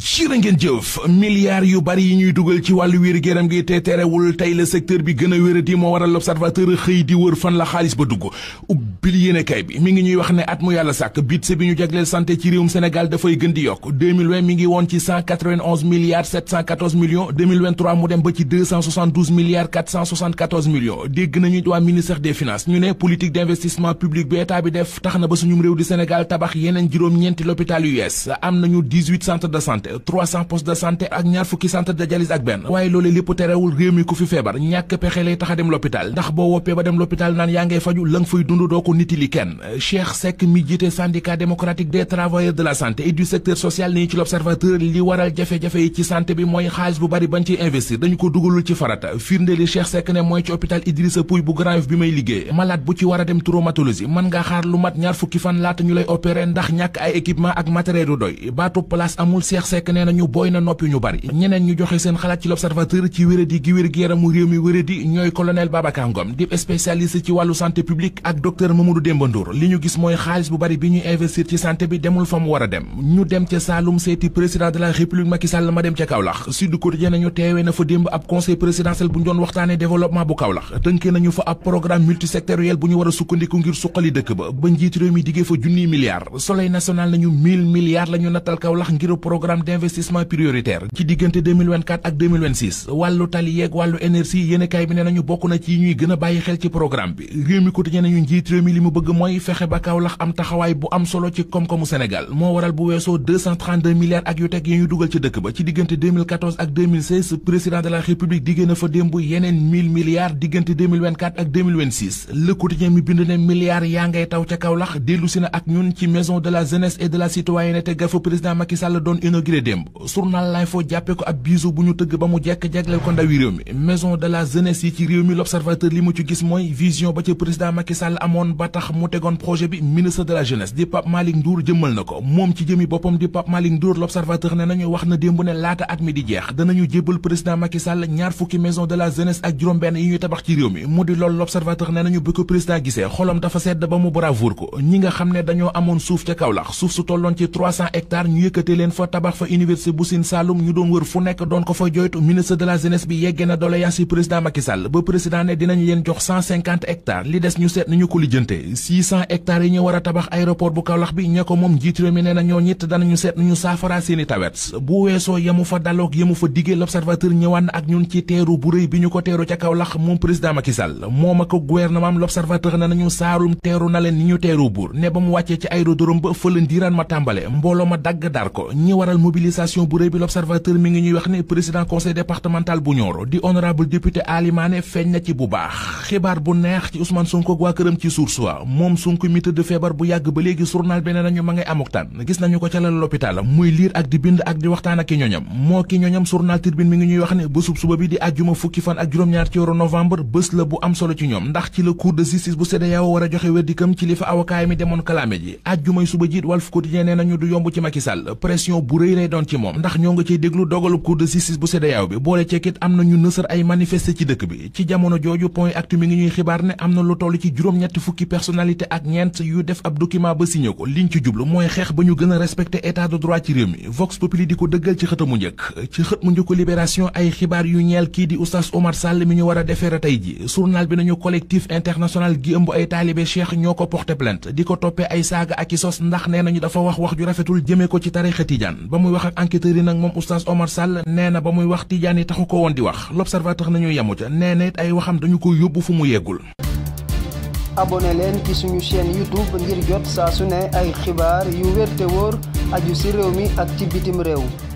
jërë ngeen jëf milliards yu bari yi ñuy dugal ci wàll wér géram gi te terewul tey la secteur bi gën a wéradi moo waral l'observateur xëy di wër fan la xaalis ba dugg ubbil yéene kay bi mi ngi ñuy wax ne at mu yàlla sàkk budget bi ñu jagleel santé ci réewum Sénégal dafay gën di yokk 2020 mi ngi woon ci 191 milliards 714 millions 2023 mu dem ba ci 272 milliards dégg nañu waa ministère des finances ñu ne politique d'investissement public bi état bi def tax na ba suñum réew 300 postes de santé ak ñaar fukki centre de dialyse ak benn waaye loolee lépp terewul réew mi ku fi feebar ñàkk pexe lay tax a dem l'hôpital ndax boo woppee ba dem l'hôpital naan yaa ngay faju la nga fay dund doo ko niti li kenn Cheikh Seck mi jiite syndicat démocratique des de la santé et du secteur social nii ci l'observateur li waral jafe-jafe yi ci santé bi mooy xaalis bu bari bañ ci investir dañu ko dugalul ci farata firnde li Cheikh Seck ne mooy ci hôpital Idrissa Pouye bu Grand Yoff bi bu ci war a dem traumatologie mën nga xaar lu mat ñaar fukki fan laata ñu lay opérer ndax ñàkk ay ak matériel doy Seck nee na ñu booy na noppi ñu bari ñeneen ñu joxe seen xalaat ci l'observateur ci wéradi gi gi yaramu réew mi wéradi ñooy colonel Babacar di spécialiste ci wàllu santé publique ak docteur Mamadou Demba li ñu gis mooy xaalis bu bari bi ñuy investir ci santé bi demul fa mu war a dem ñu dem ca Saloum seeti président de la République Macky Sall ma dem ca Kaolack Sud Quotidien nañu teewee na fa démb ab conseil présidentiel bu ñu doon waxtaanee développement d'investissement prioritaire ci diggante ak 2026 wàllu tali yeeg wàllu bi nee nañu bokk na ci ñuy gën bàyyi xel ci programme bi réew mi quotidien nañu njiit réew mi li mu bëgg mooy fexe ba Kaolack am taxawaay bu am solo ci koom-koomu Sénégal moo waral bu weesoo 232 ak yu teg yi ñu dugal ci dëkk ba ci diggante ak président de la république diggée na fa démb yeneen 1000 diggante ak 2026 le mi bind ne milliards yaa ngay taw ca Kaolack ni démb journal laay foo jàppee ko ab biso bu ñu tëgg ba mu jekk jagleel ko ndawi réew mi maison de la jeunesse yi ci réew mi l'observateur li mu ci gis mooy vision ba ca président Macky amoon ba tax mu tegoon projet bi ministre de la jeunesse di Pape Malick Ndour jëmmal na ko moom ci jëmi boppam di Pape Malick Ndour l'observateur ne nañu wax na démb ne laata at mi di jeex danañu jébbal président Macky ñaar fukki maison de la jeunesse ak juróom-benn yi ñu yëkkate université bu Sine Saloum ñu doon wër fu nekk doon ko fa joytu ministre de la jeunesse bi yeggee na doléance yi président Macky Sall ba président ne dinañ leen jox 150 li des ñu seet ni ñu ko lijjante 600 yi ñu war a tabax aéroport bu Kaolack bi ñe ko moom njiit réew mi nee na ñoo ñitt danañu seet ni ñu saafara seeni tawet bu weesoo fa daloog yemu fa diggee l'observateur ñëwaan ak ñun ci teeru bu rëy bi ñu ko teeru ca Kaolack moom président ma mobilisation moom Sonko mi tëdd feebar bu yàgg ba léegi journal bi ne nañu ma ngay amuktaan gis nañu ko ca lal muy liir ak di bind ak di waxtaan ak ki ñoñam moo ki ñoñam journal Tribune mi ngi ñuy wax ne bésub suba bi di àjjuma fukki fan ak novembre bés la bu am solo ci ñoom ndax ci la cour de justice bu CEDEAO war a joxe wérdikam ci li fa avocat mi demoon kalaame ji àjjumay suba jiit Walf Quotidien nee nañu du yomb ci Macky Sall lay doon ci moom ndax ñoo nga cey déglu dogalub cour de justice bu CEDEAO bi boole cekkit am na ñu nësër ay manifester ci dëkk bi ci jamono jooju point actu mi ngi ñuy xibaar ne am na lu toll ci juróom-ñetti fukki personnalité ak ñeent yu def ab document ba signé ko liñ ci jublu mooy xeex ba ñu gën a respecté état de droit ci réew mi vox populi di ko dëggal ci xët njëkk ci xët mu njëkk ay xibaar yu ñeel kii di oustaz Omar Sall mi ñu war a defeere tey ji journal bi nañu collectif international gi ëmb ay taalibe cheikh ñoo ko porté di ko toppee ay ak i sos ndax nee nañu dafa wax wax ju rafetul jëmee ko ci tarixa tijaan muy wax ak yi nag moom oustaz Omar Sall nee na ba muy wax tijaan yi taxu ko woon di wax l'observateur nañu yemu ca nee na ay waxam dañu ko yóbbu fu mu yeggul abonné leen ci suñu chaîne youtube ngir jot saa su ne ay xibaar yu wér te wóor aju ci réew mi ak ci bitim réew